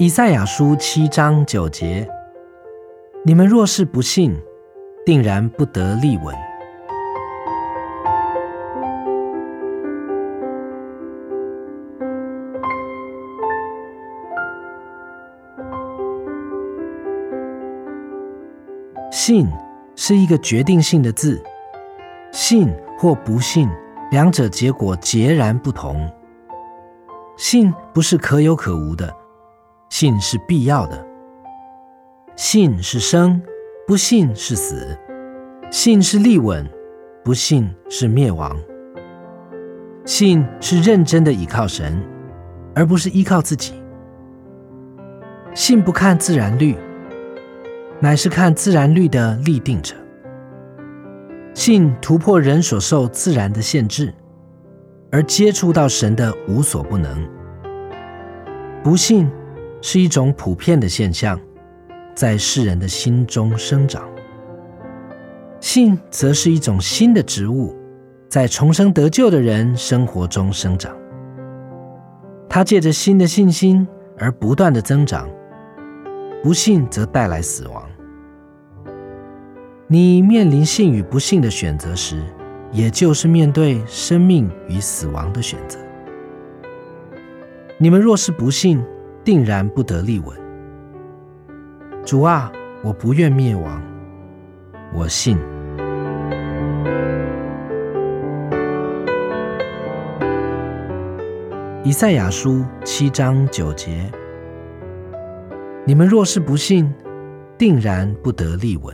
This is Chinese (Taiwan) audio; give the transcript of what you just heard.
以賽亞書七章九節：你們若是不信，定然不得立穩。信是一個決定性的字，信或不信，兩者結果截然不同。信不是可有可無的。信是必要的，信是生，不信是死；信是立穩，不信是滅亡。信是認真的倚靠神，而不是依靠自己。信不看自然律，乃是看自然律的立定者。信突破人所受自然的限制，而接觸到神的無所不能。不信。是一種普遍的現象，在世人的心中生長。信則是一種新的植物，在重生得救的人生活中生長，它借着新的信心而不斷的增長。不信則帶來死亡。你面臨信與不信的選擇時，也就是面對生命與死亡的選擇。你們若是不信。定然不得立穩。主啊，我不願滅亡，我信。以賽亞書七章九節：你們若是不信，定然不得立穩。